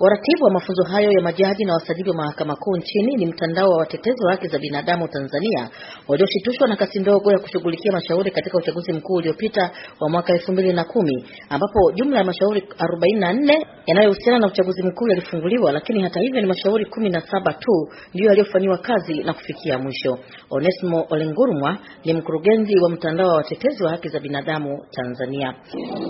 Waratibu wa mafunzo hayo ya majaji na wasajili wa mahakama kuu nchini ni mtandao wa watetezi wa haki za binadamu Tanzania walioshitushwa na kasi ndogo ya kushughulikia mashauri katika uchaguzi mkuu uliopita wa mwaka kumi ambapo jumla ya mashauri 44 yanayohusiana na uchaguzi mkuu yalifunguliwa, lakini hata hivyo ni mashauri 17 tu ndiyo yaliyofanyiwa kazi na kufikia mwisho. Onesmo Olengurumwa ni mkurugenzi wa mtandao wa watetezi wa haki za binadamu Tanzania.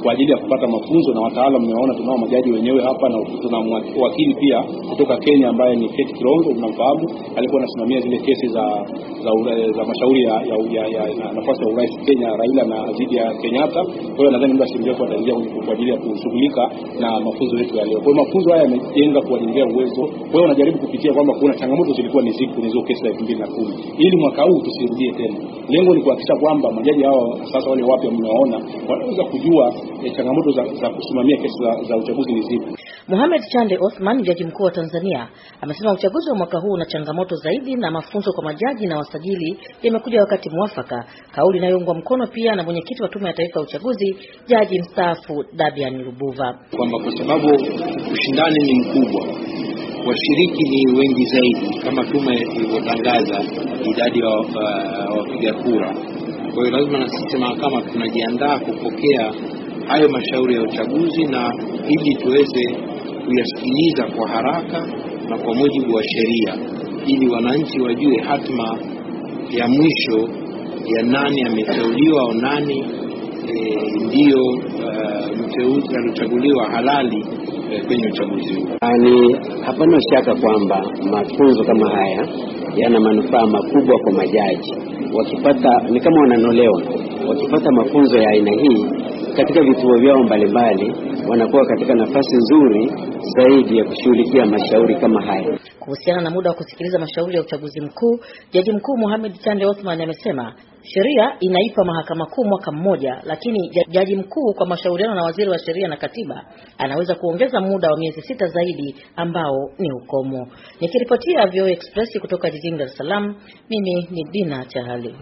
Kwa ajili ya kupata mafunzo na wataalamu, tunao majaji wenyewe hapa na tuna wakili pia kutoka Kenya ambaye ni Kate Kirongo, unamfahamu, alikuwa anasimamia zile kesi za za, za mashauri ya, ya, ya, ya nafasi ya urais Kenya, Raila na dhidi ya Kenyatta. Kwa hiyo nadhani muda kwa mrefu ya kwa ajili ya kushughulika na mafunzo yetu ya leo. Kwa hiyo mafunzo haya yamejenga kuwajengea uwezo. Kwa hiyo wanajaribu kupitia kwamba kuna changamoto zilikuwa ni zipi kwenye hizo kesi za 2010 ili mwaka huu tusirudie tena. Lengo ni kuhakikisha kwamba majaji hao sasa wale wapya mnaona wanaweza kujua eh, changamoto za, za kusimamia kesi za, za uchaguzi ni zipi. Mohamed Chan Sande Othman, jaji mkuu wa Tanzania, amesema uchaguzi wa mwaka huu una changamoto zaidi na mafunzo kwa majaji na wasajili yamekuja wakati mwafaka, kauli inayoungwa mkono pia na mwenyekiti wa Tume ya Taifa ya Uchaguzi, jaji mstaafu Dabian Lubuva, kwamba kwa sababu ushindani ni mkubwa, washiriki ni wengi zaidi, kama tume ilivyotangaza idadi ya uh, wapiga kura. Kwa hiyo lazima na sisi mahakama tunajiandaa kupokea hayo mashauri ya uchaguzi na ili tuweze kuyasikiliza kwa haraka na kwa mujibu wa sheria, ili wananchi wajue hatima ya mwisho ya nani ameteuliwa au nani e, ndiyo uh, e, mteuzi aliochaguliwa halali e, kwenye uchaguzi huu. Yaani hapana shaka kwamba mafunzo kama haya yana manufaa makubwa kwa majaji. Wakipata ni kama wananolewa, wakipata mafunzo ya aina hii katika vituo vyao mbalimbali wanakuwa katika nafasi nzuri zaidi ya kushughulikia mashauri kama haya. Kuhusiana na muda wa kusikiliza mashauri ya uchaguzi mkuu, Jaji Mkuu Mohamed Chande Othman amesema sheria inaipa mahakama kuu mwaka mmoja, lakini Jaji Mkuu kwa mashauriano na waziri wa sheria na katiba anaweza kuongeza muda wa miezi sita zaidi ambao ni ukomo. Nikiripotia VOA Express kutoka jijini Dar es Salaam, mimi ni Dina Chahali.